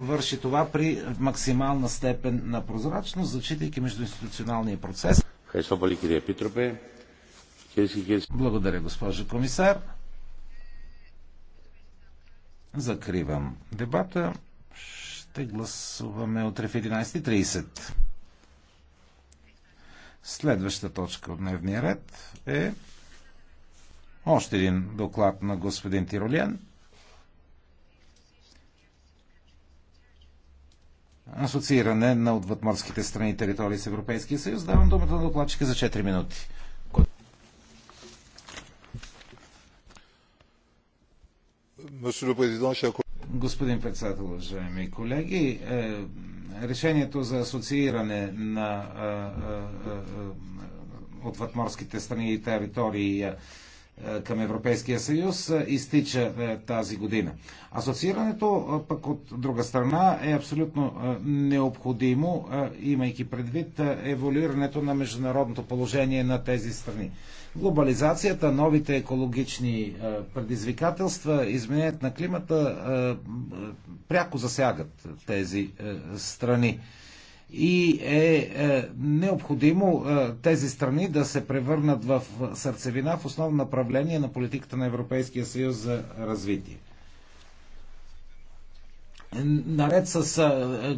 върши това при максимална степен на прозрачност, зачитайки междуинституционалния процес. Благодаря, госпожо комисар. Закривам дебата. Ще гласуваме утре в 11.30. Следваща точка от дневния ред е още един доклад на господин Тиролен. асоцииране на отвъдморските страни и територии с Европейския съюз. Давам думата на докладчика за 4 минути. Господин председател, уважаеми колеги, е, решението за асоцииране на е, е, отвъдморските страни и територии е, към Европейския съюз е, изтича е, тази година. Асоциирането пък от друга страна е абсолютно необходимо, имайки предвид еволюирането на международното положение на тези страни. Глобализацията, новите екологични предизвикателства, изменението на климата пряко засягат тези страни и е, е необходимо е, тези страни да се превърнат в сърцевина, в основно направление на политиката на Европейския съюз за развитие. Наред с е,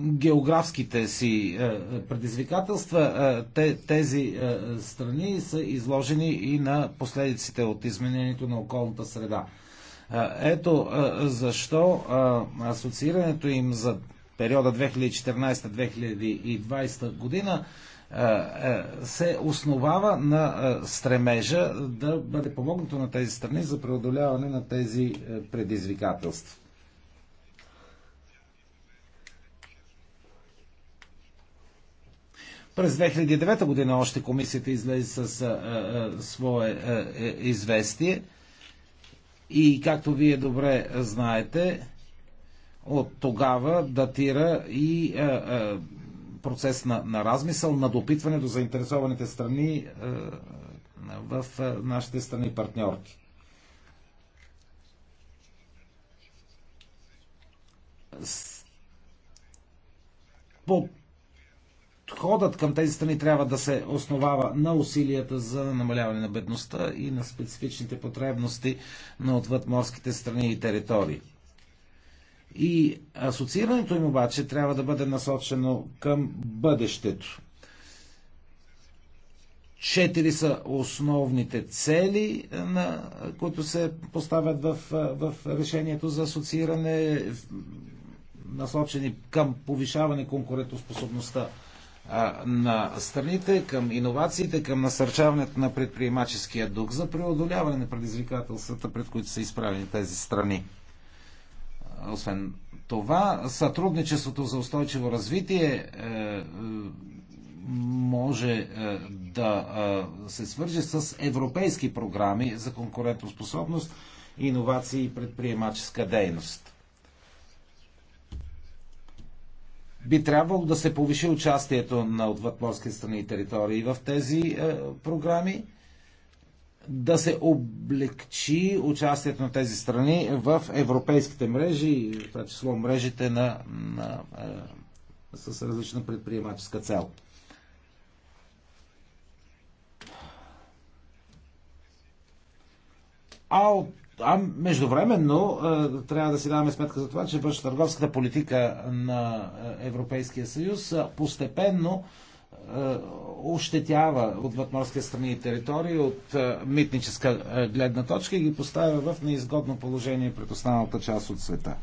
географските си е, предизвикателства, е, тези е, страни са изложени и на последиците от изменението на околната среда. Е, ето е, защо е, асоциирането им за периода 2014-2020 година е, е, се основава на е, стремежа да бъде помогнато на тези страни за преодоляване на тези предизвикателства. През 2009 година още комисията излезе с а, а, свое а, известие и както вие добре знаете, от тогава датира и е, е, процес на, на размисъл, на допитване до заинтересованите страни е, в е, нашите страни партньорки. подходът към тези страни трябва да се основава на усилията за намаляване на бедността и на специфичните потребности на отвъдморските страни и територии. И асоциирането им обаче трябва да бъде насочено към бъдещето. Четири са основните цели, е, на, които се поставят в, е, в решението за асоцииране, насочени към повишаване конкурентоспособността е, на страните, към иновациите, към насърчаването на предприемаческия дух, за преодоляване на предизвикателствата, пред които са изправени тези страни. Освен това, сътрудничеството за устойчиво развитие е, е, може е, да се свържи с европейски програми за конкурентоспособност, иновации и предприемаческа дейност. би трябвало да се повиши участието на отвъдморски страни и територии в тези програми да се облегчи участието на тези страни в европейските мрежи, в това число мрежите на, на, на, е, с различна предприемаческа цел. А, а междувременно е, трябва да си даваме сметка за това, че външно-търговската политика на е, Европейския съюз постепенно е, ощетява от морските страни и територии от е, митническа е, гледна точка и ги поставя в неизгодно положение пред останалата част от света.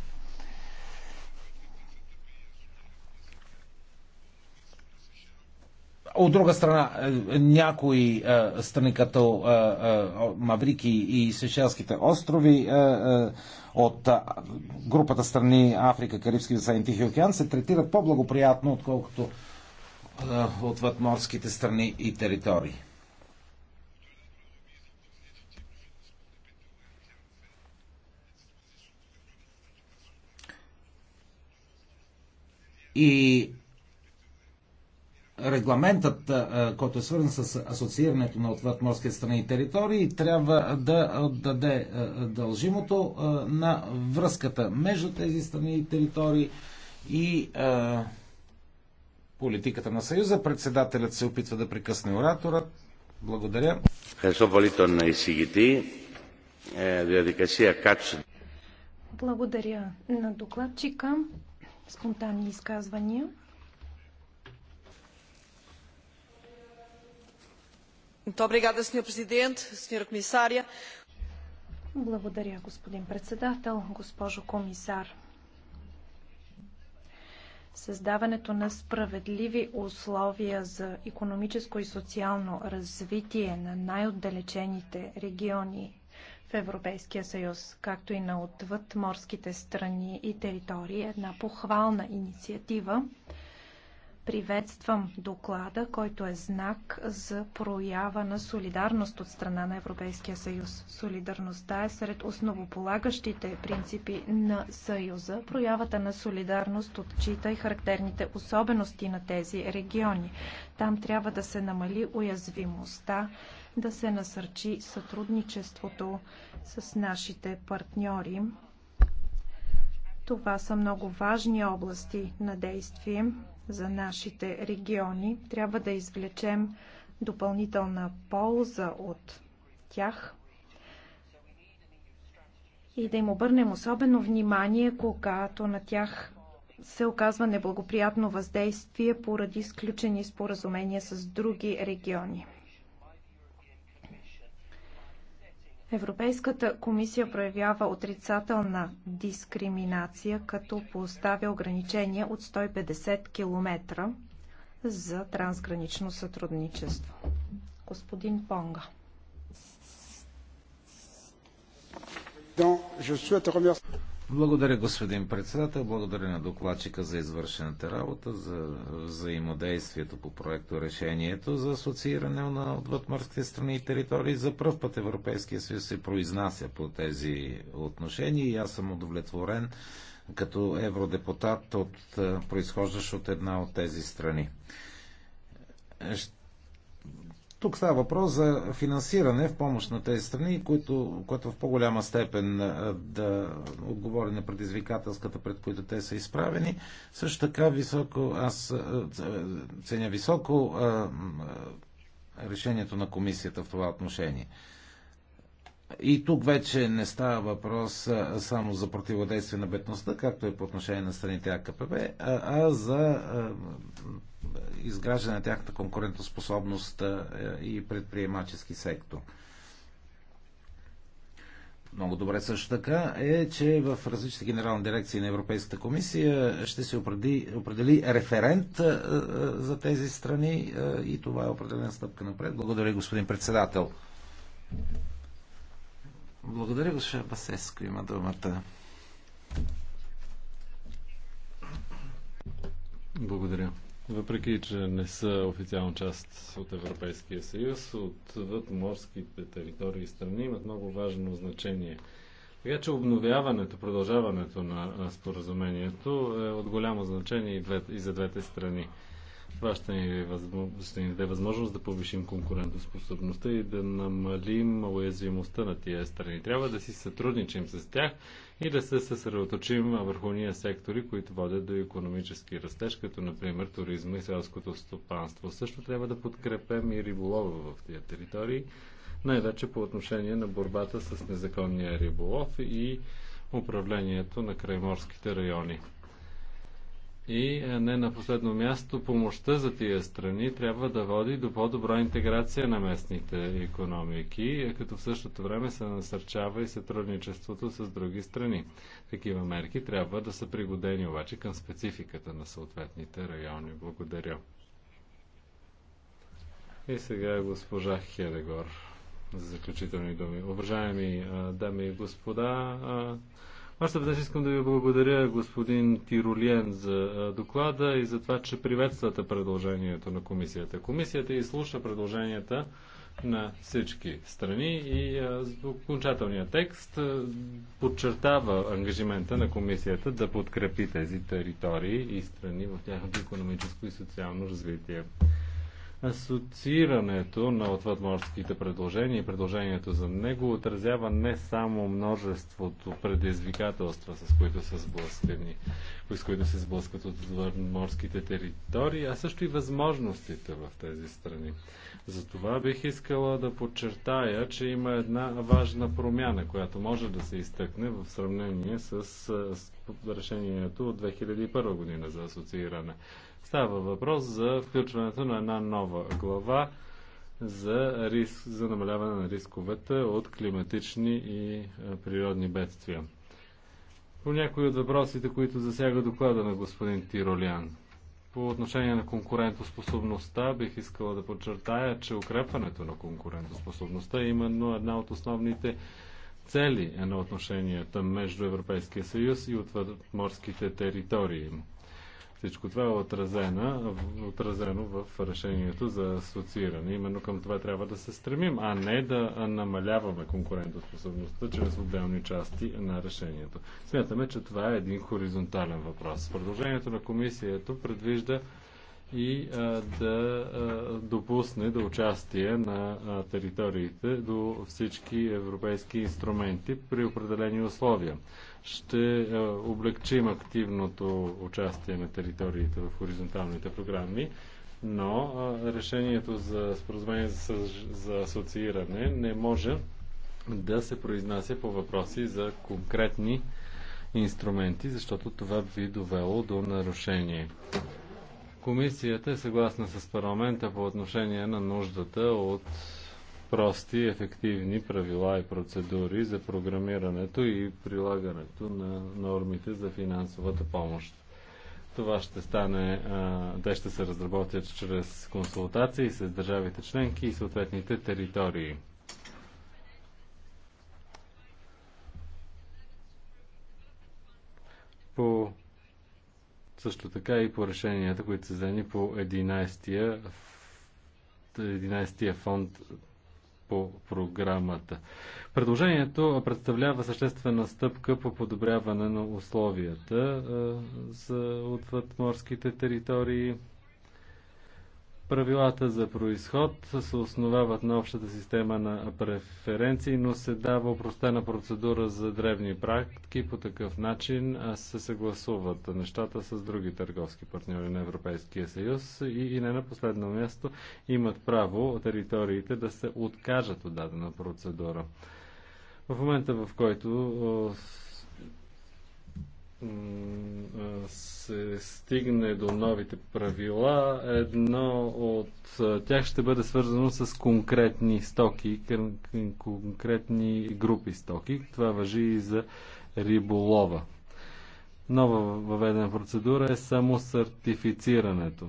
От друга страна, някои страни като Маврики и Сейшелските острови от групата страни Африка, Карибски и Тихи океан се третират по-благоприятно, отколкото отвъд морските страни и територии. И регламентът, който е свързан с асоциирането на отвъдморски страни и територии, трябва да отдаде дължимото на връзката между тези страни и територии и политиката на Съюза. Председателят се опитва да прекъсне оратора. Благодаря. Благодаря на докладчика. Спонтанни изказвания. Благодаря, господин председател, госпожо комисар създаването на справедливи условия за економическо и социално развитие на най-отдалечените региони в Европейския съюз, както и на отвъд морските страни и територии, е една похвална инициатива. Приветствам доклада, който е знак за проява на солидарност от страна на Европейския съюз. Солидарността е сред основополагащите принципи на съюза. Проявата на солидарност отчита и характерните особености на тези региони. Там трябва да се намали уязвимостта, да се насърчи сътрудничеството с нашите партньори. Това са много важни области на действие за нашите региони. Трябва да извлечем допълнителна полза от тях и да им обърнем особено внимание, когато на тях се оказва неблагоприятно въздействие поради сключени споразумения с други региони. Европейската комисия проявява отрицателна дискриминация, като поставя ограничение от 150 км за трансгранично сътрудничество. Господин Понга. Благодаря, господин председател. Благодаря на докладчика за извършената работа, за взаимодействието по проекто решението за асоцииране на отвъдморските страни и територии. За първ път Европейския съюз се произнася по тези отношения и аз съм удовлетворен като евродепутат от, произхождащ от една от тези страни. Ще тук става въпрос за финансиране в помощ на тези страни, които, което в по-голяма степен да отговори на предизвикателската, пред които те са изправени. Също така високо, аз ценя високо решението на комисията в това отношение. И тук вече не става въпрос само за противодействие на бедността, както е по отношение на страните АКПБ, а за изграждане на тяхната конкурентоспособност е, и предприемачески сектор. Много добре също така е, че в различните генерални дирекции на Европейската комисия ще се определи, определи референт за тези страни и това е определена стъпка напред. Благодаря, господин председател. Благодаря, госпожа Басеско. Има думата. Благодаря. Въпреки, че не са официална част от Европейския съюз, отвъд морските територии и страни имат много важно значение. Така че обновяването, продължаването на споразумението е от голямо значение и за двете страни. Това ще ни, възможно, ще ни даде възможност да повишим конкурентоспособността и да намалим уязвимостта на тия страни. Трябва да си сътрудничим с тях и да се съсредоточим върху ния сектори, които водят до економически растеж, като например туризма и селското стопанство. Също трябва да подкрепем и риболова в тия територии, най-вече по отношение на борбата с незаконния риболов и управлението на крайморските райони. И е, не на последно място, помощта за тия страни трябва да води до по-добра интеграция на местните економики, е, като в същото време се насърчава и сътрудничеството с други страни. Такива мерки трябва да са пригодени обаче към спецификата на съответните райони. Благодаря. И сега госпожа Хедегор за заключителни думи. Уважаеми е, дами и господа, още веднъж искам да ви благодаря, господин Тиролиен, за доклада и за това, че приветствате предложението на комисията. Комисията изслуша предложенията на всички страни и окончателният текст подчертава ангажимента на комисията да подкрепи тези територии и страни в тяхното економическо и социално развитие. Асоциирането на отвъдморските предложения и предложението за него отразява не само множеството предизвикателства, с които са сблъскани, с които се сблъскат отвъдморските територии, а също и възможностите в тези страни. Затова бих искала да подчертая, че има една важна промяна, която може да се изтъкне в сравнение с, с решението от 2001 година за асоцииране. Става въпрос за включването на една нова глава за, риск, за намаляване на рисковете от климатични и е, природни бедствия. По някои от въпросите, които засяга доклада на господин Тиролян. По отношение на конкурентоспособността, бих искала да подчертая, че укрепването на конкурентоспособността е именно една от основните цели на отношенията между Европейския съюз и отвъдморските територии. Всичко това е отразено, отразено в решението за асоцииране. Именно към това трябва да се стремим, а не да намаляваме конкурентоспособността чрез отделни части на решението. Смятаме, че това е един хоризонтален въпрос. Продължението на комисията предвижда и а, да а, допусне до участие на а, териториите до всички европейски инструменти при определени условия. Ще а, облегчим активното участие на териториите в хоризонталните програми, но а, решението за споразумение за, за асоцииране не може да се произнася по въпроси за конкретни инструменти, защото това би довело до нарушение. Комисията е съгласна с парламента по отношение на нуждата от прости, ефективни правила и процедури за програмирането и прилагането на нормите за финансовата помощ. Това ще стане, те ще се разработят чрез консултации с държавите членки и съответните територии. По също така и по решенията, които са взени по 11 тия 11 фонд по програмата. Предложението представлява съществена стъпка по подобряване на условията за отвъдморските територии Правилата за происход се основават на общата система на преференции, но се дава упростена процедура за древни практики. По такъв начин се съгласуват нещата с други търговски партньори на Европейския съюз и, и не на последно място имат право териториите да се откажат от дадена процедура. В момента, в който се стигне до новите правила, едно от тях ще бъде свързано с конкретни стоки, конкретни групи стоки. Това въжи и за риболова. Нова въведена процедура е само сертифицирането.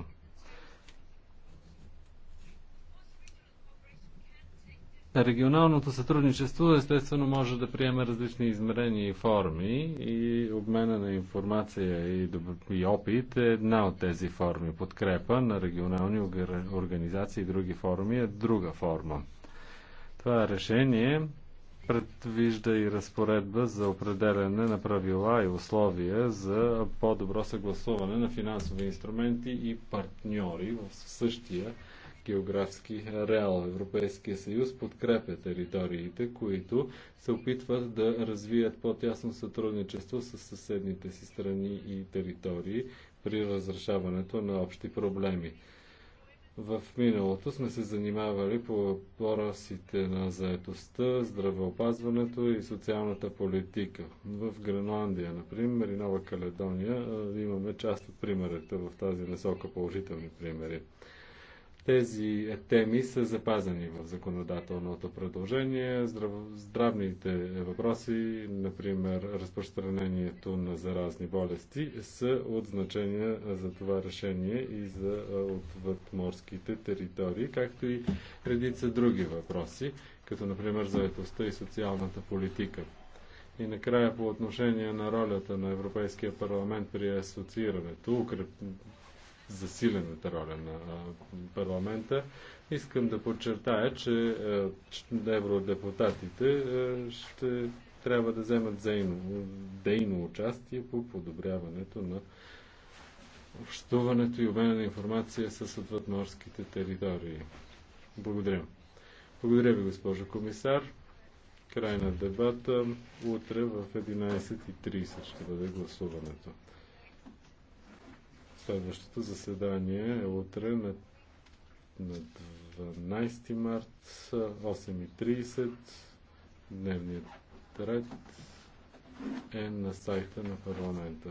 Регионалното сътрудничество естествено може да приема различни измерения и форми и обмена на информация и, и опит е една от тези форми. Подкрепа на регионални организации и други форми е друга форма. Това решение предвижда и разпоредба за определяне на правила и условия за по-добро съгласуване на финансови инструменти и партньори в същия географски ареал. Европейския съюз подкрепя териториите, които се опитват да развият по-тясно сътрудничество с съседните си страни и територии при разрешаването на общи проблеми. В миналото сме се занимавали по въпросите на заетостта, здравеопазването и социалната политика. В Гренландия, например, и Нова Каледония имаме част от примерите в тази насока положителни примери. Тези теми са запазени в законодателното предложение. Здрав... Здравните въпроси, например разпространението на заразни болести, са от значение за това решение и за отвъдморските територии, както и редица други въпроси, като например заедостта и социалната политика. И накрая по отношение на ролята на Европейския парламент при асоциирането, укреп засилената роля на парламента. Искам да подчертая, че евродепутатите ще трябва да вземат дейно, дейно участие по подобряването на общуването и обмена на информация с отвъдморските територии. Благодаря. Благодаря ви, госпожо комисар. Край на дебата. Утре в 11.30 ще бъде гласуването. Следващото заседание е утре на, на 12 март 8.30. Дневният ред е на сайта на парламента.